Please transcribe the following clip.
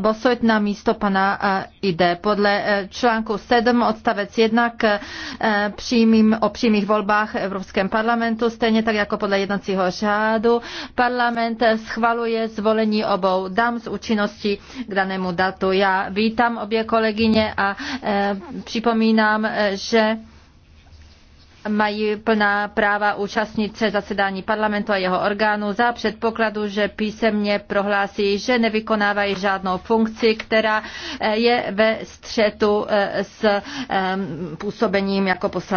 Bosoť na místo pana ide eh, Podle eh, článku 7 odstavec 1 k eh, přímým, o přímých volbách v Evropském parlamentu, stejně tak jako podle jednacího řádu, parlament schvaluje zvolení obou dam z účinnosti k danému datu. Já vítám obě kolegyně a připomínám, že mají plná práva účastnit se zasedání parlamentu a jeho orgánů za předpokladu, že písemně prohlásí, že nevykonávají žádnou funkci, která eh, je ve střetu eh, s eh, působením jako poslanci.